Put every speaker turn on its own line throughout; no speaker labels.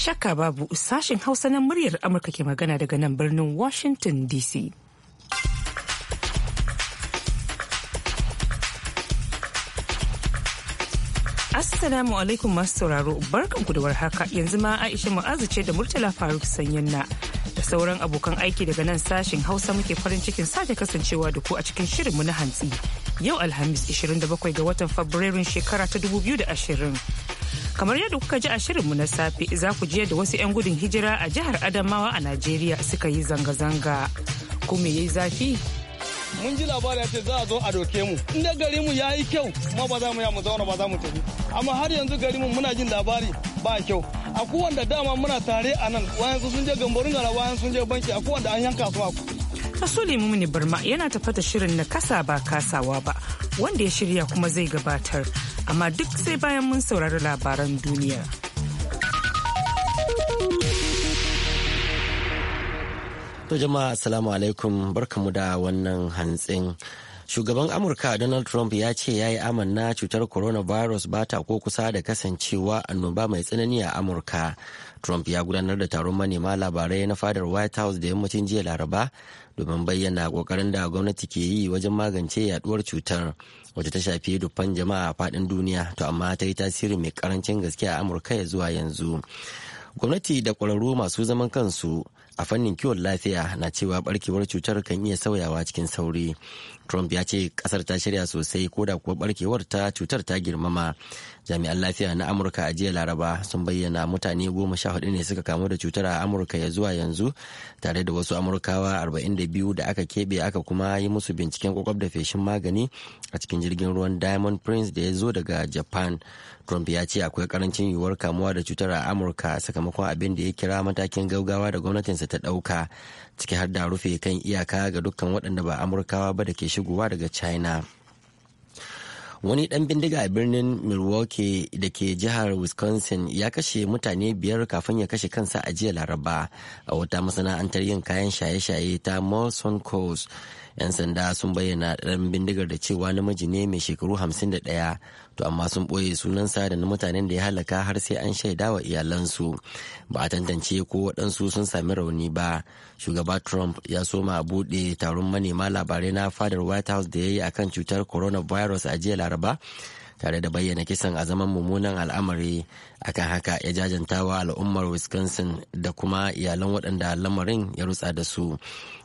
Shakka babu sashen Hausa na muryar Amurka ke magana daga nan birnin Washington DC. Assalamu alaikum masu sauraro barkanku da warhaka yanzu ma Aisha Mu'azu ce da Murtala Faruk sanyin na da sauran abokan aiki daga nan sashen Hausa muke farin cikin sake kasancewa da ku a cikin shirinmu na hantsi. Yau Alhamis 27 ga watan Fabrairun shekara ta 2020. kamar yadda kuka ji a shirinmu na safe za ku je da wasu 'yan gudun hijira a jihar adamawa a najeriya suka yi zanga-zanga kuma ya yi zafi
mun ji labari ce za a zo a doke mu inda gari mu ya yi kyau kuma ba za mu ya mu zauna ba za mu tafi amma har yanzu gari mu muna jin labari ba kyau a kowanda dama muna tare a nan wayansu sun je gambarin gara wayansu sun je banki a kowanda an yanka
su a Asuli Mumini Barma yana tafata shirin na kasa ba kasawa ba wanda ya shirya kuma zai gabatar amma duk sai bayan mun saurari labaran duniya. To jama'a
assalamu alaikum barkamu da wannan hantsin. shugaban amurka donald trump ya ce ya yi amanna cutar coronavirus ba ta ko kusa da kasancewa annoba mai tsanani a amurka trump ya gudanar da taron manema labarai na fadar white house da yammacin jiya laraba domin bayyana kokarin da gwamnati ke yi wajen magance yaduwar cutar wacce ta shafi dubban jama'a a fadin duniya to amma ta yi tasiri mai karancin gaske a amurka ya zuwa yanzu gwamnati da ƙwararru masu zaman kansu a fannin kiwon lafiya na cewa barkewar cutar kan iya sauyawa cikin sauri Trump ya ce kasar ta shirya sosai ko da kuwa barkewar ta cutar ta girmama. Jami'an lafiya na Amurka a jiya Laraba sun bayyana mutane goma sha hudu ne suka kamu da cutar a Amurka ya zuwa yanzu tare da wasu Amurkawa arba'in da biyu da aka keɓe aka kuma yi musu binciken kwakwab da feshin magani a cikin jirgin ruwan Diamond Prince da ya zo daga Japan. Trump ya ce akwai karancin yiwuwar kamuwa da cutar a Amurka sakamakon abin da ya kira matakin gaugawa da gwamnatinsa ta ɗauka ciki har da rufe kan iyaka ga dukkan waɗanda ba Amurkawa ba da ke shigowa daga china wani dan bindiga a birnin milwaukee da ke jihar wisconsin ya kashe mutane biyar kafin ya kashe kansa a jiya laraba a wata masana'antar yin kayan shaye-shaye ta molson coast 'yan sanda sun bayyana dan bindigar da cewa namiji ne mai shekaru 51 to amma sun ɓoye sunansa da na mutanen da ya halaka har sai an shaida wa iyalansu ba a tantance ko waɗansu sun sami rauni ba shugaba trump ya soma a buɗe taron manema labarai na fadar white house da ya yi akan cutar coronavirus a jiya laraba tare da bayyana kisan a zaman mummunan al'amari akan haka ya jajantawa al'ummar wisconsin da kuma iyalan waɗanda lamarin ya rutsa da su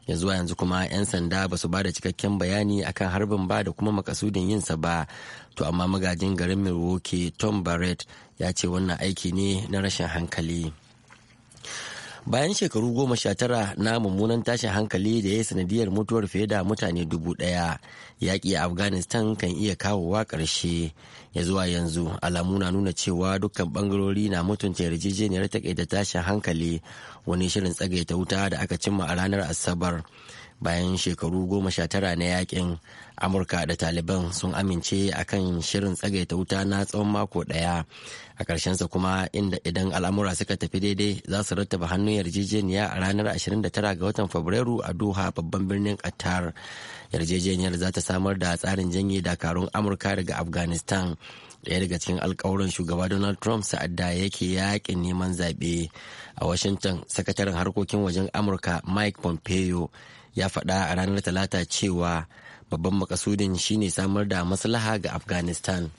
ya zuwa yanzu kuma 'yan sanda ba su ba da cikakken bayani akan harbin ba da kuma makasudin yinsa ba to amma magajin garin milwaukee tom barrett ya ce wannan aiki ne na rashin hankali. bayan shekaru goma sha tara na mummunan tashin hankali da ya sanadiyar mutuwar fiye da mutane dubu ɗaya yaƙi a afghanistan kan iya kawowa ƙarshe ya zuwa yanzu alamu na nuna cewa dukkan ɓangarori na mutunta yarjejeniyar taƙaita tashin hankali wani shirin tsagaita wuta da aka cimma a ranar asabar bayan shekaru goma sha tara na yakin. amurka da taliban sun amince a kan shirin tsagaita wuta na tsawon mako daya a ƙarshensa kuma inda idan al'amura suka tafi daidai za su rattaba hannun yarjejeniya a ranar 29 ga watan fabrairu a doha babban birnin qatar yarjejeniyar za ta samar da tsarin janye dakarun amurka daga afghanistan daya daga cikin alkawuran shugaba donald trump sa'adda yake yakin neman zaɓe a washington sakataren harkokin wajen amurka mike pompeo ya faɗa a ranar talata cewa babban makasudin shine samar da maslaha ga afghanistan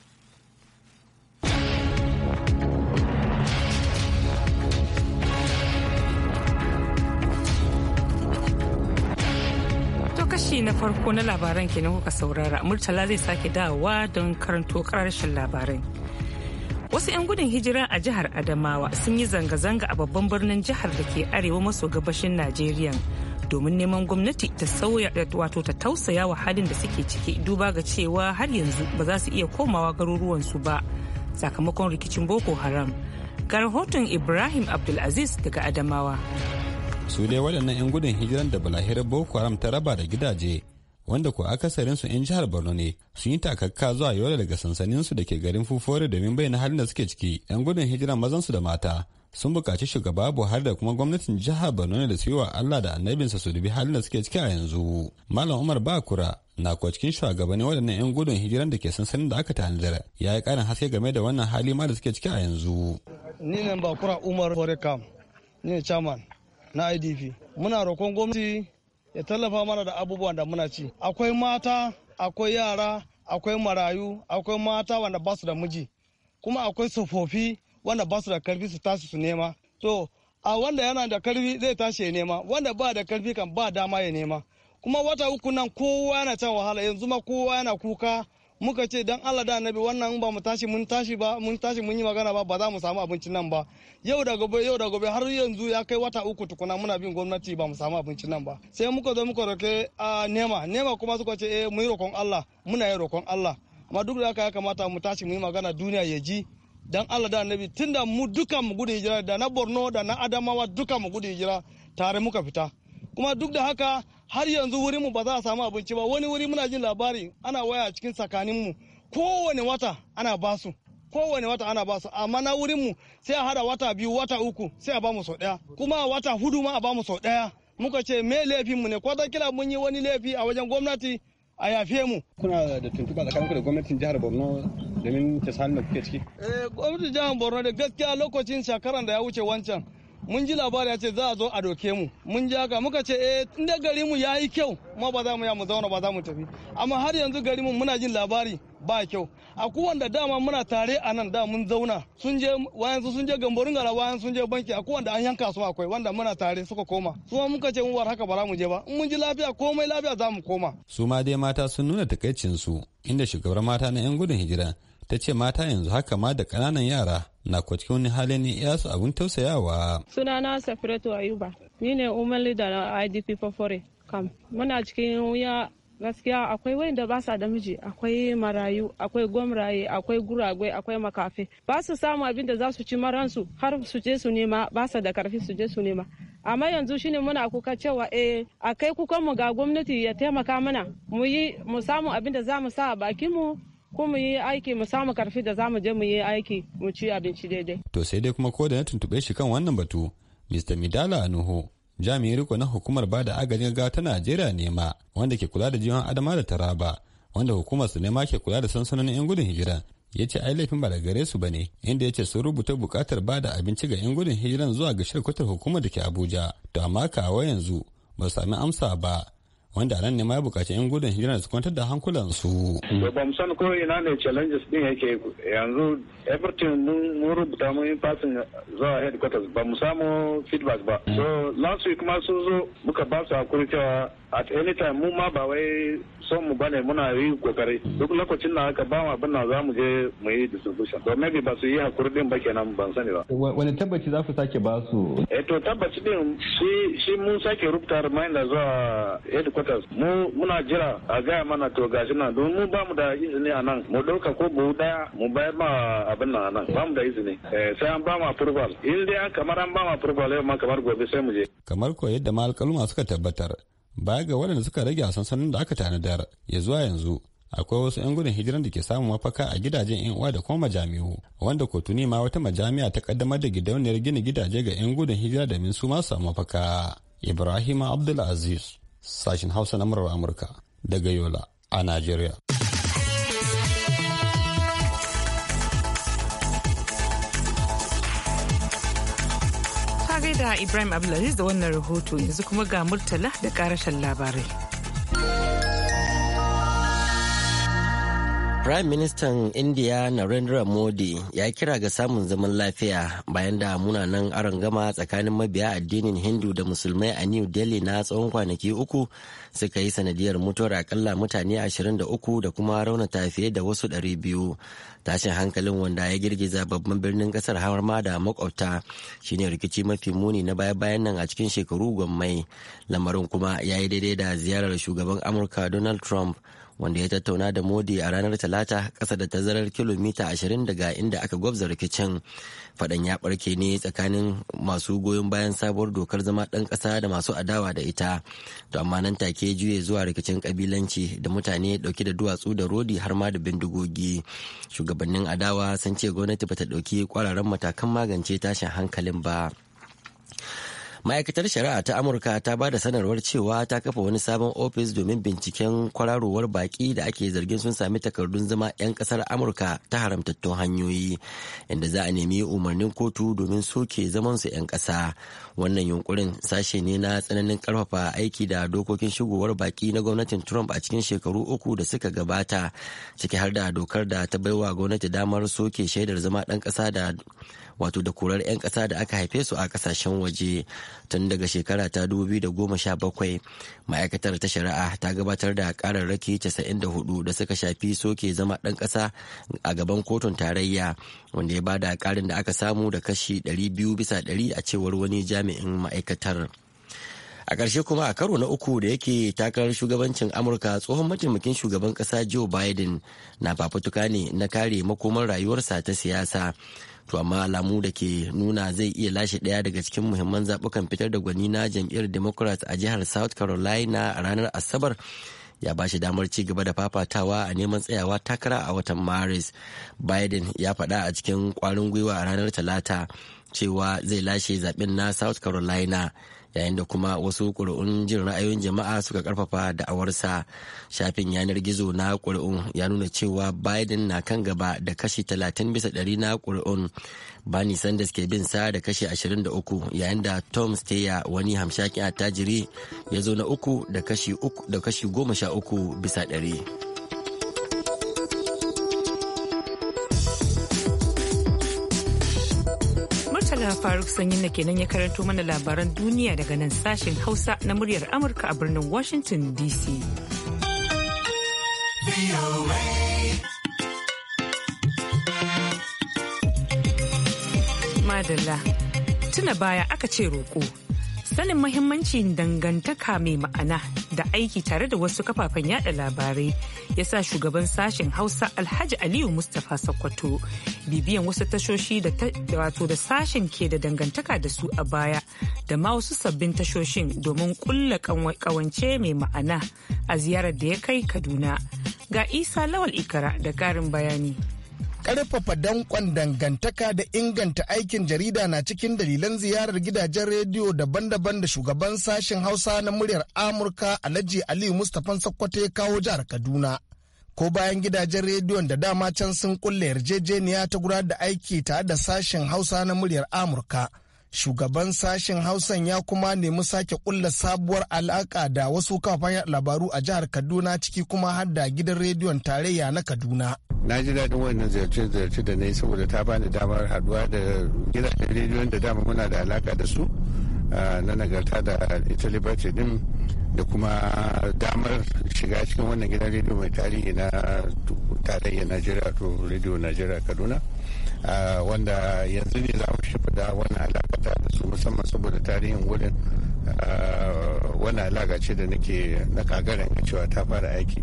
kashi na farko na labaran kenan kuka saurara murtala zai sake dawowa don karanto karshen labarai wasu 'yan gudun hijira a jihar adamawa sun yi zanga-zanga a babban birnin jihar da ke arewa maso gabashin najeriya domin neman gwamnati ta sauya wato ta tausaya wa halin da suke ciki duba ga cewa har yanzu ba za su iya komawa garuruwansu ba sakamakon rikicin boko haram ga rahoton ibrahim abdulaziz daga adamawa
su dai waɗannan 'yan gudun hijiran da balahira boko haram ta raba da gidaje wanda ko akasarin su 'yan jihar borno ne sun yi takakka zuwa yola daga sansaninsu da ke garin fufore domin bayyana halin da suke ciki 'yan gudun hijiran mazansu da mata sun buƙaci shugaba buhari da kuma gwamnatin jihar borno da su yi wa allah da annabinsa su dubi halin da suke ciki a yanzu malam umar bakura na kuwa cikin shugabanni waɗannan 'yan gudun hijiran da ke sansanin da aka tanadar ya yi ƙarin haske game da wannan hali ma da suke ciki a yanzu.
ni ne bakura umar forekam ni ne chairman na idp muna roƙon gwamnati ya tallafa mana da abubuwan da muna ci akwai mata akwai yara akwai marayu akwai mata wanda ba su da miji kuma akwai tsofaffi wanda ba su da karfi su tashi su nema to a wanda yana da karfi zai tashi ya nema wanda ba da karfi kan ba dama ya nema kuma wata uku nan kowa yana can wahala yanzu ma kowa yana kuka muka ce dan Allah da annabi wannan ba mu tashi mun tashi ba mun tashi mun yi magana ba ba za mu samu abincin nan ba yau da gobe yau da gobe har yanzu ya kai wata uku tukuna muna bin gwamnati ba mu samu abincin nan ba sai muka zo muka roke a nema nema kuma suka ce eh mu yi roƙon Allah muna yi roƙon Allah amma duk da haka ya kamata mu tashi mu yi magana duniya ya ji dan Allah da annabi tunda mu duka mu gudu hijira da na Borno da na Adamawa duka mu gudu hijira tare muka fita kuma duk da haka har yanzu wurin mu ba za a samu abinci ba wani wuri muna jin labari ana waya cikin tsakanin mu kowane wata ana basu kowane wata ana basu amma na wurin mu sai a hada wata biyu wata uku sai a bamu sau daya kuma wata hudu ma a bamu sau daya muka ce me laifin mu ne ko kila mun yi wani laifi a wajen gwamnati a yafe mu
kuna da tuntuɓa tsakaninku da gwamnatin jihar borno domin ta sanin da kuke ciki
eh gwamnatin jihar borno da gaskiya lokacin shekaran da ya wuce wancan mun ji labari ya ce za a zo a doke mu mun ji haka muka ce eh inda gari mu ya yi kyau ma ba za mu ya mu zauna ba za mu tafi amma har yanzu gari mu muna jin labari ba kyau a kowanda dama muna tare a nan da mun zauna sun je wayan sun je gamborin gara wayan sun je banki a kowanda an yanka su akwai wanda muna tare suka koma su muka ce war haka ba za mu je ba in mun ji lafiya komai lafiya za mu koma
su ma dai mata sun nuna takaicin su inda shugabar mata na yan gudun hijira ta ce mata yanzu haka ma da kananan yara na kwacikin wani halin ya su abin tausayawa.
Sunana sefretu Ayuba, ni ne umarli da IDP Fafore kam. Muna cikin wuya gaskiya akwai wanda ba sa da miji akwai marayu akwai gwamraye akwai guragwai akwai makafe ba su samu abin da za su ci maransu har su je su nema ba sa da karfi su je su nema amma yanzu shine muna kuka cewa eh a kai kukan mu ga gwamnati ya taimaka mana mu yi mu samu abin da za mu sa a bakin mu ko mu yi aiki mu samu karfi da zamu je mu yi aiki mu ci abinci daidai.
To sai dai kuma ko da na tuntuɓe shi kan wannan batu, Mr. Midala Anuhu, jami'in riko na hukumar bada agajin gaggawa ta Najeriya ne ma, wanda ke kula da jiwon Adama da Taraba, wanda hukumar su ne ma ke kula da sansanonin 'yan gudun hijira. ya ce ai laifin ba da gare su ne inda ya ce sun rubuta bukatar ba da abinci ga 'yan gudun hijiran zuwa ga shirkwatar hukumar da ke abuja to amma kawo yanzu ba su sami amsa ba wanda nan ne ma ya bukaci 'yan gudun hijira su kwantar da hankulansu.
Da ba mu san ko
ina ne challenges din yake yanzu everton mun rubuta mun yi fasin zuwa headquarters ba mu samu feedback ba. Mm. So last week ma sun zo muka ba su hakuri cewa at any time mu ma ba wai son mu bane muna yi kokari duk lokacin da aka ba mu abin nan za mu je mu yi distribution to maybe ba su yi hakuri din ba kenan ban sani ba
wani tabbaci za ku sake ba su
eh to tabbaci din shi shi mun sake rubuta reminder zuwa headquarters mu muna jira a gaya mana to gashi nan don mu ba mu da izini a nan mu dauka ko buhu daya mu bayar ma abin nan a nan ba mu da izini eh, sai an ba mu approval in dai an kamar an ba mu approval yau ma kamar gobe sai mu je
kamar ko yadda ma alƙaluma suka tabbatar baya ga waɗanda suka rage a sansanin da aka tanadar ya zuwa yanzu akwai wasu 'yan gudun hijiran da ke samun mafaka a gidajen 'yan uwa da kuma majami'u wanda kotuni ma wata majami'a ta kaddamar da gidauniyar gina gidaje ga 'yan gudun hijira da min su masu mafaka ibrahim abdulaziz sashin hausa na murar amurka daga yola a najeriya
Ibrahim Abdulaziz da wannan rahoto yanzu kuma ga Murtala da karashen labarai. Prime
Ministan India Narendra Modi ya kira ga samun zaman lafiya bayan da munanan gama tsakanin mabiya addinin Hindu da Musulmai a New Delhi na tsawon kwanaki uku suka yi sanadiyar mutuwar akalla mutane 23 da kuma raunata fiye da wasu 200. Tashin hankalin wanda ya girgiza babban birnin kasar har ma da makwabta shine rikici mafi muni na baya-bayan nan a cikin shekaru gwammai. Lamarin kuma ya yi daidai da ziyarar shugaban Amurka Donald Trump wanda ya tattauna da modi a ranar talata kasa da tazarar kilomita 20 daga inda aka gwabza rikicin faɗan ya ɓarke ne tsakanin masu goyon bayan sabuwar dokar zama ɗan ƙasa da masu adawa da ita to amma nan take juye zuwa rikicin kabilanci da mutane dauke da duwatsu da rodi har ma da bindigogi shugabannin adawa sun ce gwamnati bata ɗauki kwararan matakan magance tashin hankalin ba. ma'aikatar shari'a ta amurka ta ba da sanarwar cewa ta kafa wani sabon ofis domin binciken kwararowar baki da ake zargin sun sami takardun zama 'yan kasar amurka ta haramtattun hanyoyi inda za a nemi umarnin kotu domin soke zamansu 'yan ƙasa wannan yunkurin sashe ne na tsananin karfafa aiki da dokokin shigowar baki na gwamnatin trump a cikin shekaru uku da suka gabata ciki har da dokar da ta baiwa gwamnati damar soke shaidar zama ɗan ƙasa da wato da korar 'yan ƙasa da aka haife su a ƙasashen waje tun daga shekara ta 2017 ma'aikatar ta shari'a ta gabatar da ƙararraki 94 da suka shafi soke zama ɗan ƙasa a gaban kotun tarayya wanda ya bada ƙarin da aka samu da kashi 200 bisa 100 a cewar wani jami'in ma'aikatar. a ƙarshe kuma a karo na uku da yake takarar shugabancin amurka tsohon mataimakin shugaban ƙasa joe biden na fafutuka ne na kare makomar rayuwarsa ta siyasa to amma alamu da ke nuna zai iya lashe ɗaya daga cikin muhimman zaɓukan fitar da gwani na jam'iyyar democrat a jihar south carolina a ranar asabar ya ba shi damar ci gaba da fafatawa a neman tsayawa takara a watan maris biden ya faɗa a cikin kwarin gwiwa a ranar talata cewa zai lashe zaben na south carolina yayin da kuma wasu ƙuri'un jin ra'ayoyin jama'a suka karfafa da'awarsa shafin yanar gizo na ƙuri'un ya nuna cewa biden na kan gaba da kashi 30 bisa ɗari na ƙuri'un bani sanders ke bin sa da kashi 23 yayin da tom steyer wani hamshakin attajiri ya zo na uku da kashi 13 bisa ɗari.
Faruk Sanyin na kenan ya karanto mana labaran duniya daga nan sashen Hausa na muryar Amurka a birnin Washington DC. Madalla, tuna baya aka ce roƙo, sanin mahimmancin dangantaka mai ma'ana da aiki tare da wasu kafafen yada labarai ya sa shugaban sashen hausa alhaji aliyu mustapha sokoto bibiyan wasu tashoshi da wato da sashen ke da dangantaka da su a baya da ma wasu sabbin tashoshin domin kulla kawance mai ma'ana a ziyarar da ya kai kaduna ga isa lawal ikara da karin bayani karfafa dankon dangantaka da inganta aikin jarida na cikin
dalilan ziyarar gidajen rediyo daban-daban da shugaban sashen Hausa na muryar Amurka Alhaji Aliyu Mustapha Sokoto ya kawo jihar Kaduna. Ko bayan gidajen rediyon da dama can sun kulle yarjejeniya ta gudanar da aiki tare da sashen Hausa na muryar Amurka. shugaban sashen hausan ya kuma nemi sake kulla sabuwar alaka da wasu kafafen labaru a jihar kaduna ciki kuma har da gidan rediyon tarayya na kaduna
na ji daɗin wannan ziyarce-ziyarce da na yi saboda ta bani damar haɗuwa da gidajen rediyon da dama muna da alaka da su na nagarta da ita liberty din da kuma damar shiga cikin wannan gidan rediyo mai tarihi na tarayya najeriya to rediyo najeriya kaduna wanda yanzu ne za mu da wani alaƙa da su musamman saboda tarihin wurin wani alaƙa ce da nake na kagarin cewa ta fara aiki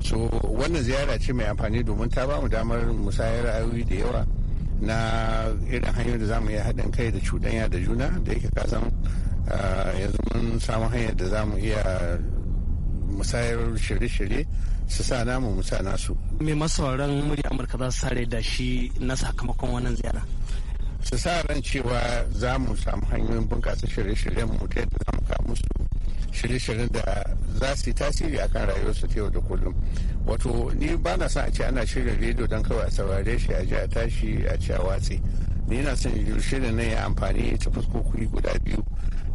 so wannan ziyara ce mai amfani domin ta bamu damar musayar ra'ayoyi da yawa na irin hanyar da za mu iya haɗin kai da cuɗanya da juna da yake kasan yanzu mun samu hanyar da za mu iya musayar shirye-shirye su sa namu mu sa nasu.
Me masauran
murya Amurka za su sare da shi na sakamakon wannan ziyara?
Su sa ran cewa za mu samu hanyoyin bunƙasa shirye-shiryen mu ta yadda za mu kawo musu shirye-shiryen da za su yi tasiri akan rayuwarsu ta yau da kullum wato ni ba na son a ce ana shirin rediyo don kawai a saurare shi a ji a tashi a ci a watsi. ni na son shirin nan ya amfani ta fuskoki guda biyu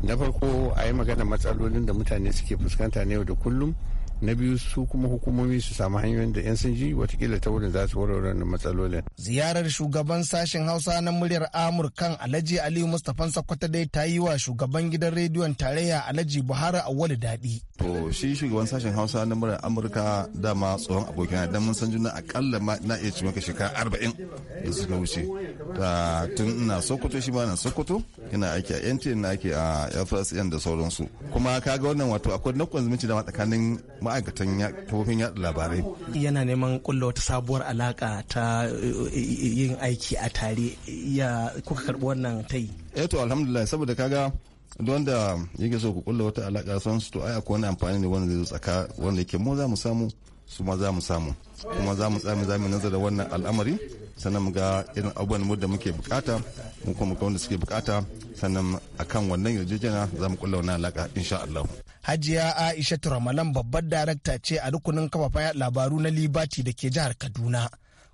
na farko a yi magana matsalolin da mutane suke fuskanta na yau da kullum na biyu su kuma hukumomi su samu hanyoyin da 'yan sun ji watakila ta wurin za su warware wannan matsalolin.
ziyarar shugaban sashen hausa na muryar amurkan alhaji aliyu mustapha sakwata dai ta yi wa shugaban gidan rediyon tarayya alhaji buhari awali daɗi
to shi shugaban sashen hausa na murar amurka dama tsohon abokin dan mun san juna akalla na iya cimaka shekara arba'in da suka wuce ta tun ina sokoto shi ma na sokoto ina aiki a yanci na aiki a fsn da sauransu kuma kaga wannan wato akwai na zumunci da tsakanin ma'aikatan kafofin yada labarai
yana neman kulla wata sabuwar alaka ta eh, eh, yin aiki a tare ya kuka karbi wannan yi.
eh to alhamdulillah saboda kaga don da yake so ku kulla wata alaka son su to ai akwai wani amfani ne wanda zai tsaka wanda yake mu za mu samu su ma za mu samu kuma za mu tsami za mu nazara wannan al'amari sannan mu ga irin abubuwan mu da muke bukata mu kuma ga wanda suke bukata sannan akan wannan yarjejena za mu kulla wannan alaka insha Allah
Hajiya Aisha Turamalan babbar darakta ce a rukunin kafafa labaru na Libati da ke jihar Kaduna.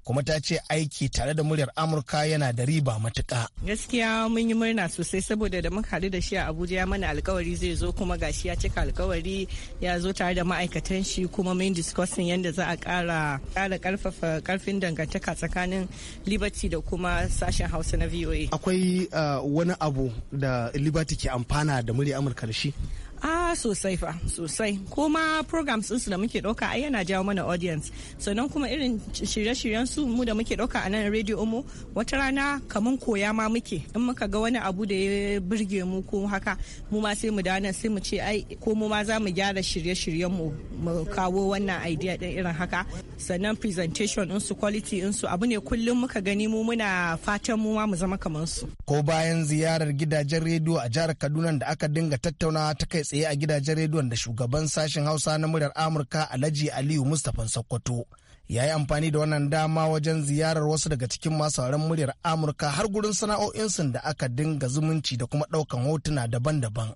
kuma ta ce aiki tare da muryar amurka yana da riba matuka
gaskiya mun yi murna sosai saboda da muka haɗu da shi a abuja ya mana alkawari zai zo kuma gashi ya cika alkawari ya zo tare da ma'aikatan shi kuma mun discussing yadda za a kara ƙara karfafa karfin dangantaka tsakanin liberty da kuma sashen hausa na voa akwai uh, wani
abu da liberty ke amfana da murya amurka da shi
Ah sosai fa sosai kuma programs su da muke ɗauka a yana jawo mana audience sannan kuma irin shirye-shiryen su mu da muke ɗauka a nan radio mu wata rana kaman koya ma muke in muka ga wani abu da ya burge mu ko haka mu ma sai mu nan sai mu ce ai ko mu ma za mu gyara shirye-shiryen mu mu kawo wannan idea din irin haka sannan presentation din su quality su abu ne kullum muka gani mu muna fatan mu ma mu zama kamar su.
Ko bayan ziyarar gidajen rediyo a jihar Kaduna da aka dinga tattaunawa ta kai tsaye a gidajen rediyon da shugaban sashen hausa na muryar amurka alhaji aliyu mustapha sokoto ya yi amfani da wannan dama wajen ziyarar wasu daga cikin masu sauran muryar amurka har gurin sana'o'insu da aka dinga zumunci da kuma ɗaukan hotuna daban-daban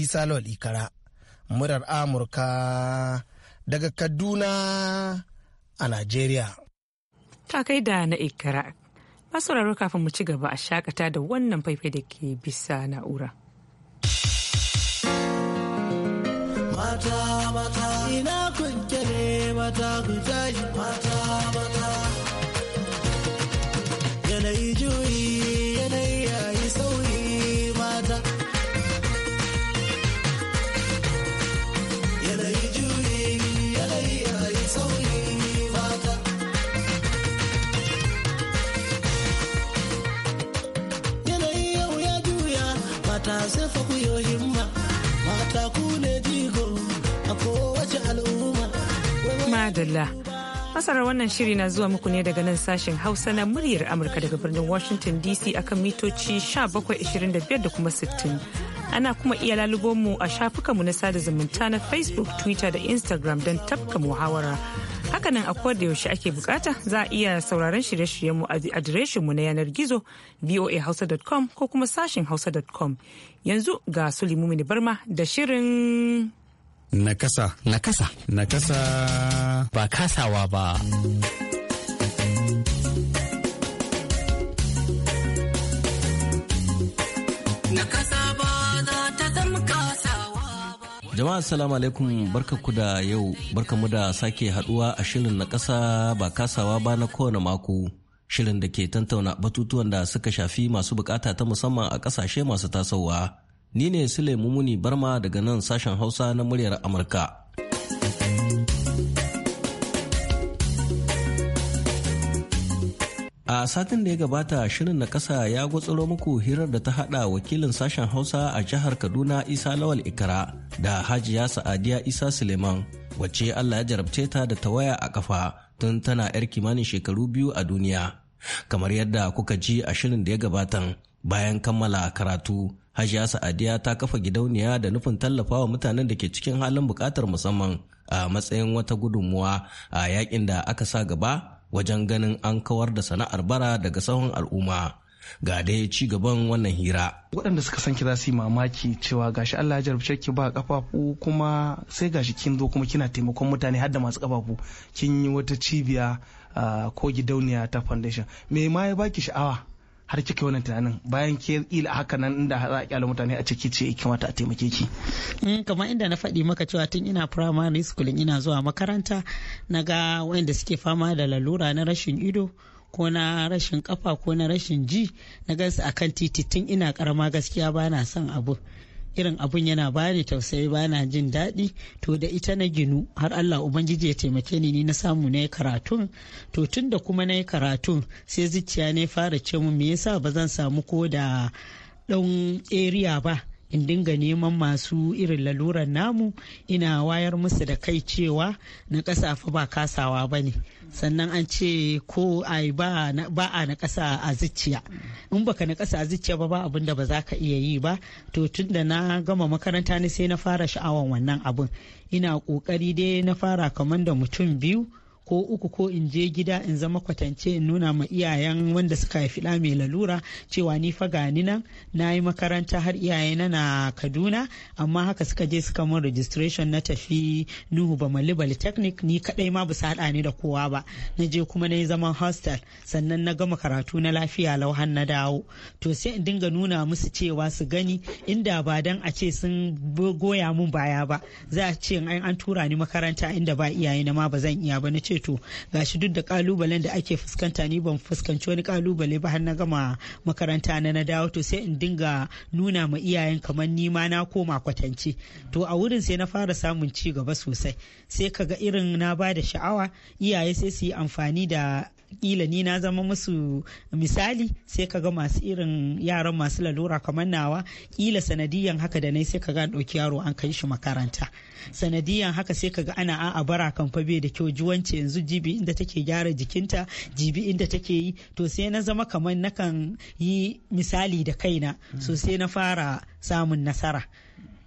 isa lawal ikara muryar amurka
daga kaduna a nigeria. ta kai da na ikara masu kafin mu ci gaba a shakata da wannan faifai da ke bisa na'ura.
mata
mata ina kunke ne mata ku tashi mata mata
yanayi juyi
madalla. Masarar wannan shiri na zuwa muku ne daga nan sashen Hausa na muryar Amurka daga birnin Washington DC akan mitoci 1725 da kuma 60. Ana kuma iya lalubo mu a shafukanmu na sada zumunta na Facebook, Twitter da Instagram don tafka muhawara. Hakanan a da yaushe ake bukata za a iya sauraron shirye-shiryenmu a adireshinmu na yanar gizo voahausa.com ko kuma sashen hausa.com. Yanzu ga Sulimu Barma da shirin
Nakasa. Nakasa. Nakasa. Ba kasawa ba.
Jama'a salamu alaikum barkaku da yau barkamu da sake haduwa a shirin na kasa ba kasawa ba na kowane mako shirin da ke tantauna batutuwan da suka shafi masu bukata ta musamman a kasashe masu tasowa. Ni ne Sule Mumuni Barma daga nan sashen Hausa na muryar Amurka. A satin da ya gabata shirin na kasa ya gutsuro muku hirar da ta hada wakilin sashen Hausa a jihar Kaduna Isa Lawal Ikara da Hajiya Sa'adiya Isa Suleiman wacce Allah ya jarabce ta da tawaya a kafa tun tana 'yar kimanin shekaru biyu a duniya. Kamar yadda kuka ji a shirin da ya gabatan bayan kammala karatu Hajiya Sa'adiya ta kafa gidauniya da nufin tallafawa mutanen da ke cikin halin bukatar musamman a matsayin wata gudunmuwa a yakin da aka sa gaba wajen ganin an kawar da sana'ar bara daga sahun al'umma. Ga dai ci gaban wannan hira.
Waɗanda suka san ki za su yi mamaki cewa gashi Allah ya jarabce ki ba kafafu kuma sai gashi kin zo kuma kina taimakon mutane har da masu kafafu kin yi wata cibiya ko gidauniya ta foundation. Me ma ya baki sha'awa har kike wannan tunanin bayan ke ila haka
nan inda za a kyala mutane a ciki ce ya mata a taimake ki. Mm, kamar inda na faɗi maka cewa tun ina primary school ina zuwa makaranta na ga waɗanda suke fama da lalura na rashin ido ko na rashin kafa ko na rashin ji na gansu akan titi tun ina karama gaskiya ba na son abu irin abun yana bani tausayi bana jin daɗi to da ita na ginu har Allah ubangiji ya taimake ni ni na samu na yi karatun to tun da kuma na yi karatun sai zuciya ne fara ce mu me yasa ba zan samu ko da ɗan area ba in dinga neman masu irin laluran namu ina wayar musu da kai cewa na fa ba kasawa ba ne sannan an ce ko ai ba a na kasa a zuciya in baka na kasa a zuciya ba ba abin da ba za ka iya yi ba to tun da na gama makaranta ne sai na fara sha'awan wannan abin ina ƙoƙari dai na fara kamar da mutum biyu ko uku ko in je gida in zama kwatance in nuna ma iyayen wanda suka haifi ɗa mai lalura cewa ni fa gani nan na yi makaranta har iyaye na kaduna amma haka suka je suka mun registration na tafi nuhu ba bamali polytechnic ni kadai ma bisa haɗa ni da kowa ba na je kuma na yi zaman hostel sannan na gama karatu na lafiya lauhan na dawo to sai in dinga nuna musu cewa su gani inda ba dan a ce sun goya mun baya ba za a ce an tura ni makaranta inda ba iyayena ma ba zan iya ba na ce ce to gashi duk da kalubalen da ake fuskanta ni ban fuskanci wani kalubale ba har na gama makaranta na na dawo to sai in dinga nuna ma iyayen kamar ni ma na koma kwatance to a wurin sai na fara samun ci gaba sosai sai kaga irin na ba da sha'awa iyaye sai su yi amfani da kila ni na zama musu misali sai ka ga masu irin yaran masu lalura kamar nawa kila sanadiyan haka da nai sai ka ga ɗauki yaro an kai shi makaranta sanadiyan haka sai ka ga ana a bara kan fa bai da kyau juwance yanzu jibi inda take gyara jikinta jibi inda take yi to sai na zama kamar nakan yi misali da kaina mm. so sai na fara samun nasara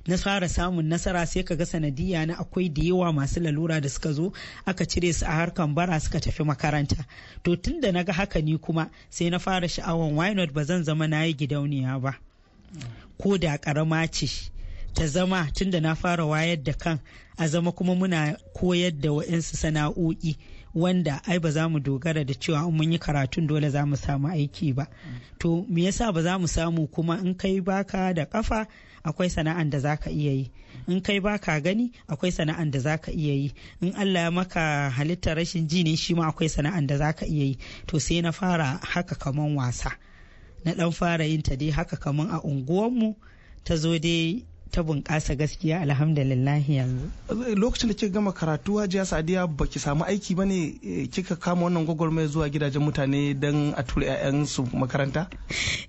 na fara samun nasara sai ka ga sanadiyya na akwai da yawa masu lalura da suka zo aka cire su a harkan bara suka tafi makaranta to tun da na ga haka ni kuma sai na fara sha'awan why not ba zan zama na yi gidauniya ba ko da karama ce ta zama tun da na fara wayar da kan a zama kuma muna koyar da wa'insu sana'o'i wanda ai ba za mu dogara da cewa mun yi karatun dole za mu samu aiki ba to me yasa ba za mu samu kuma in kai baka da kafa akwai sana'an da za ka iya yi in kai ba ka gani akwai sana'an da za ka iya yi in allah ya maka halittar rashin ji ne shi ma akwai sana'an da za ka iya yi to sai na fara haka kaman wasa na dan fara yin ta dai haka kaman a unguwanmu ta zo dai ta bunƙasa gaskiya alhamdulillah yanzu.
Lokacin da kika gama karatu Hajiya Sadiya baki samu aiki ba ne eh, kika kama wannan gwagwarmaya zuwa gidajen mutane don a tura 'ya'yansu makaranta?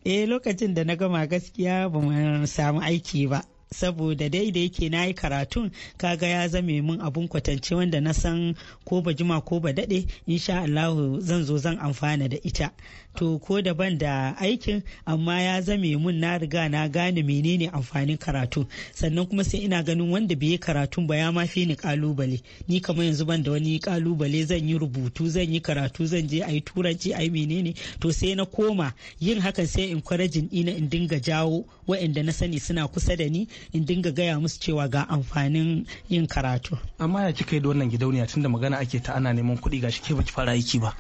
Eh lokacin da na gama gaskiya ba mu samu aiki ba. saboda dai da yake na yi karatun kaga ya zame min abun kwatance wanda na san ko ba jima ko ba daɗe insha Allah zan zo zan amfana da ita to ko daban da aikin amma ya zame mun na riga na gane menene amfanin karatu sannan kuma sai ina ganin wanda bai yi karatun ba ya ma fi ni kalubale ni kamar yanzu ban da wani kalubale zan yi rubutu zan yi karatu zan je a yi turanci a yi menene to sai na koma yin hakan sai in kwarajin ina in dinga jawo waɗanda na sani suna kusa da ni in dinga gaya musu cewa ga amfanin yin karatu amma ya kika yi da wannan gidauniya tunda magana ake ta ana neman kuɗi gashi ke baki fara aiki ba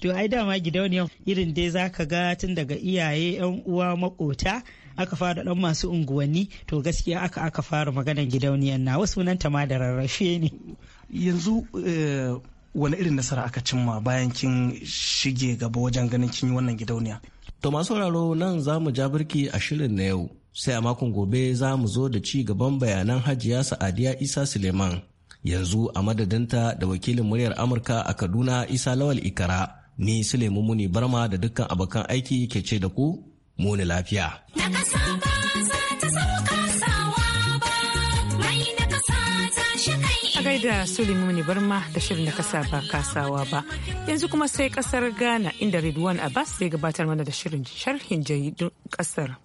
to ai dama gidauniyar irin dai zaka ga tun daga iyaye yan uwa makota aka fara ɗan masu unguwanni to gaskiya aka aka fara maganar gidauniyan na wasu nan ta ma da rarrafe ne yanzu eh, wani irin nasara aka cimma bayan kin
shige gaba wajen ganin kin yi wannan gidauniya to masu sauraro nan za mu ja birki a
shirin na yau sai a makon gobe za mu zo da ci gaban bayanan hajiya sa'adiya isa suleiman yanzu a madadinta da wakilin muryar amurka a kaduna isa lawal ikara ni sulaimu muni barma da dukkan abokan aiki ke ce da ku muni lafiya
gaida muni Barma da shirin da kasa ba kasawa ba. Yanzu kuma sai kasar Ghana inda Ridwan Abbas zai gabatar mana da shirin sharhin jaridun kasar.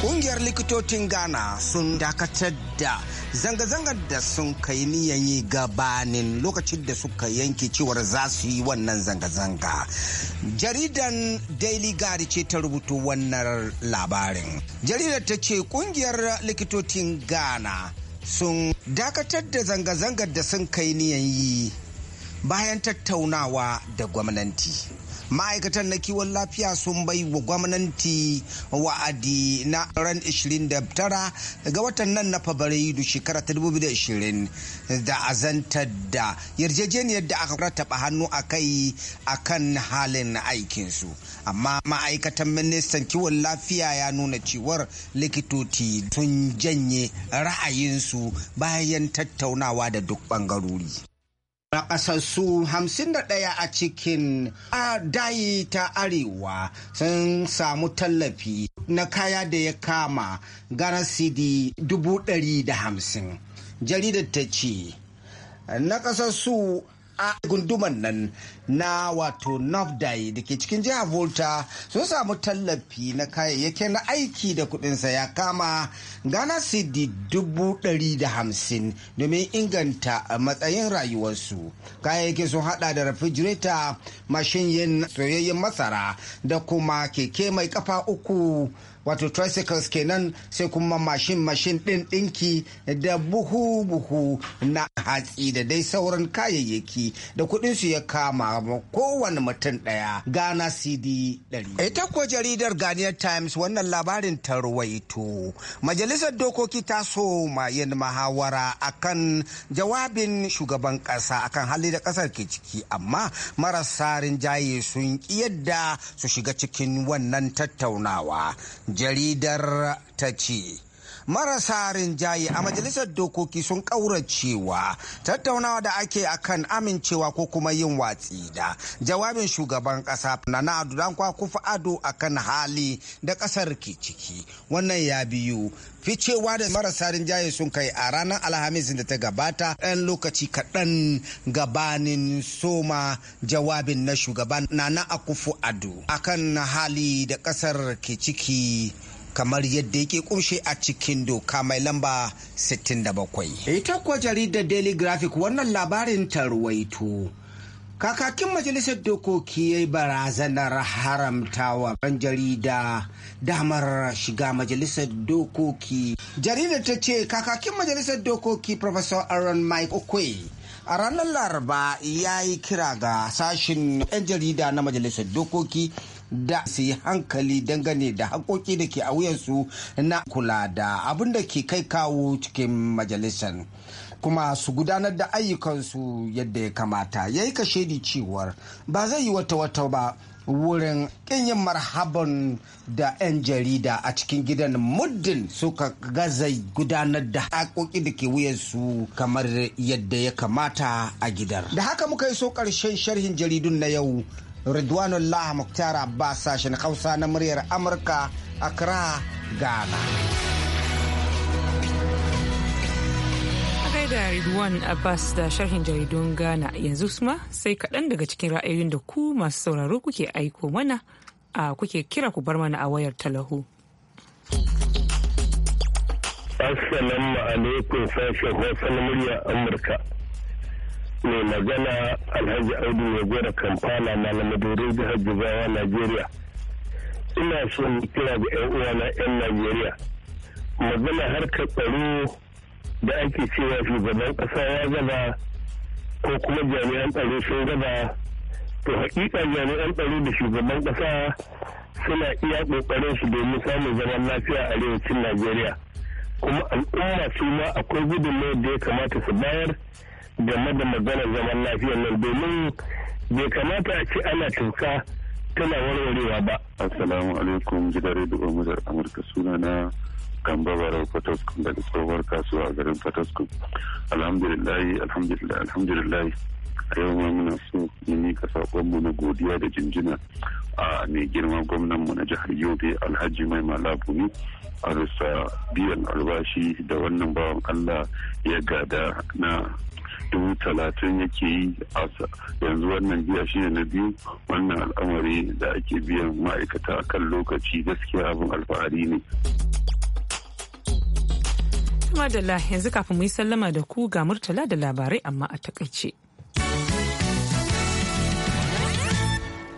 Kungiyar likitocin Ghana sun dakatar da zanga-zangar da sun kai niyan yi gabanin lokacin da suka yanke cewar za su yi wannan zanga-zanga. Jaridan Daily Guard ce ta rubuto wannan labarin. Jaridar ta ce kungiyar likitocin Ghana sun dakatar da zanga-zangar da sun kai niyan yi bayan tattaunawa da gwamnati. ma'aikatan na kiwon lafiya sun bai wa gwamnati wa'adi na ran 29 ga watan nan na fabrairu shekara ta 2020 da azantar da yarjejeniyar da aka rataba hannu a kai a kan halin aikinsu amma ma'aikatan ministan kiwon lafiya ya nuna cewar likitoci sun janye ra'ayinsu bayan tattaunawa da duk bangarori a hamsin da ɗaya a cikin dayi ta Arewa sun samu tallafi na kaya da ya kama gara sidi dubu ɗari da hamsin. Jaridar ta ce, na Nakasassu a gunduman nan na wato Novdai da ke cikin jihar volta sun samu tallafi na kayayyaki na aiki da kudinsa ya kama ghana Sidi dubu ɗari da hamsin domin inganta matsayin rayuwarsu kayayyaki sun hada da refrigerator mashin yin soyayyen masara da kuma keke mai kafa uku wato tricycles kenan sai kuma mashin mashin ɗin ɗinki da buhu buhu na hatsi da dai sauran kayayyaki da kuɗin su ya kama ma kowane mutum ɗaya Ghana CD 100. Ita ko jaridar Ghanaian Times wannan labarin ta ruwaito. Majalisar dokoki ta so yin mahawara akan jawabin shugaban ƙasa akan hali da ƙasar ke ciki amma marasa rinjaye sun ƙi yadda su shiga cikin wannan tattaunawa. jaridar ta ce marasa rinjaye a majalisar dokoki sun ƙauracewa tattaunawa da ake akan amincewa ko kuma yin watsi da jawabin shugaban ƙasa na adudan kwakufa ado akan hali da ƙasar ke ciki wannan ya biyu ficewa da marasa rinjaye sun kai a ranar alhamis da ta gabata ɗan lokaci kaɗan gabanin soma jawabin na shugaban nana akufu ado akan hali da ƙasar ke ciki kamar yadda yake kunshe a cikin doka mai lamba 67. Ita kuwa jaridar Daily Graphic wannan labarin tarwaito. Kakakin Majalisar Dokoki ya yi barazanar haramtawa ɗan jarida damar shiga Majalisar Dokoki. Jaridar ta ce kakakin Majalisar Dokoki Professor Aaron Mike Okwe a ranar Laraba ya yi kira ga sashin 'yan jarida na Majalisar Dokoki da su yi hankali dangane da haƙoƙi da ke a wuyansu na kula da abin da ke kai kawo cikin majalisar kuma su gudanar da ayyukansu yadda ya kamata ya yi kashedi cewar ba zai yi wata wata ba wurin yin marhaban da 'yan jarida a cikin gidan muddin suka gaza gudanar da haƙoƙi da ke wuyansu kamar yadda ya kamata a gidan da haka muka yi so ƙarshen sharhin jaridun na yau Ridwanullah Mukhtar Abbas sashen Hausa na muryar
Amurka Accra, Ghana. da Ridwan Abbas da sharhin jaridun Ghana yanzu suma sai kaɗan daga cikin ra'ayoyin da ku masu sauraro kuke aiko mana a kuke kira ku bar mana a wayar talahu.
Assalamu alaikum sashen Hausa na murya Amurka. mai magana alhaji audu ya gora kampala na malamadore jihar bawa najeriya ina son kira ga 'yan uwana 'yan najeriya magana harkar tsaro da ake cewa shugaban ƙasa ya gaba ko kuma jami'an tsaro sun gaba to hakika jami'an tsaro da shugaban ƙasa suna iya ƙoƙarin su domin samun zaman lafiya a arewacin najeriya kuma al'umma su ma akwai gudunmawar da ya kamata su bayar game da maganar zaman lafiyar nan domin bai kamata a ce ana tuka tana warwarewa ba.
Assalamu alaikum gidan rediyo Mujar Amurka suna na Gamba Barau daga tsohuwar kasuwa a garin Fataskun. Alhamdulillah, alhamdulillah, alhamdulillah. A yau ma muna so mu saƙonmu na godiya da jinjina a mai girma gwamnanmu na jihar Yobe Alhaji Mai Malabuni a rusa biyan albashi da wannan bawan Allah ya gada na dubu talatin yake yi a yanzu wannan biya shida na biyu wannan al'amari da ake biyan ma'aikata a kan lokaci gaskiya abin alfahari ne.
Madalla yanzu kafin mu yi sallama da ku ga murtala da labarai amma a takaice.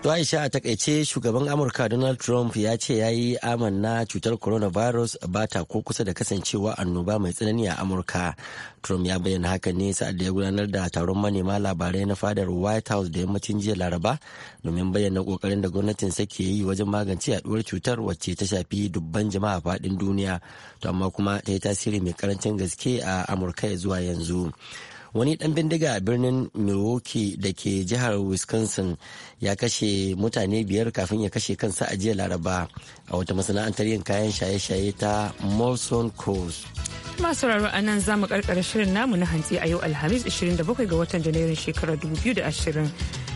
To Aisha a takaice shugaban Amurka Donald Trump ya ce ya yi amanna cutar coronavirus ba ta ko kusa da kasancewa annoba mai tsanani a Amurka. Trump ya bayyana haka ne sa'ad da ya gudanar da taron manema labarai na fadar White House da yammacin jiya Laraba domin bayyana kokarin da gwamnatin ke yi wajen magance yaduwar cutar wacce ta shafi dubban jama'a fadin duniya to amma kuma ta yi tasiri mai karancin gaske a Amurka zuwa yanzu. wani dan bindiga a birnin milwaukee da ke jihar wisconsin ya kashe mutane biyar kafin ya kashe kansa a jiya laraba a wata masana'antar yin kayan shaye-shaye ta molson coast
masu raro a nan za mu karkara shirin namu na hantsi a yau alhamis 27 ga watan janairun shekarar 2020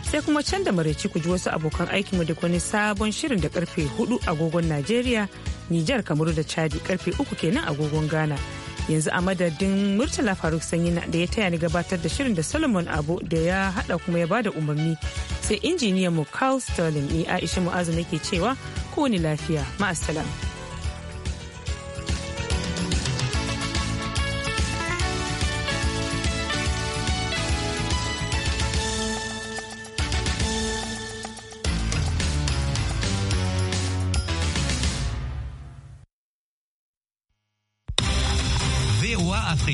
sai kuma can da maraici ku ji wasu abokan aikinmu da wani sabon shirin da karfe 4 agogon najeriya nijar kamaru da chadi karfe 3 kenan agogon ghana yanzu a madadin murtala faruk sanyi da ya taya ni gabatar da shirin da solomon abu da ya hada kuma ya bada umarni sai injiniyan mu carl sterling ni aisha mu'azu nake cewa kowane lafiya ma'asalam.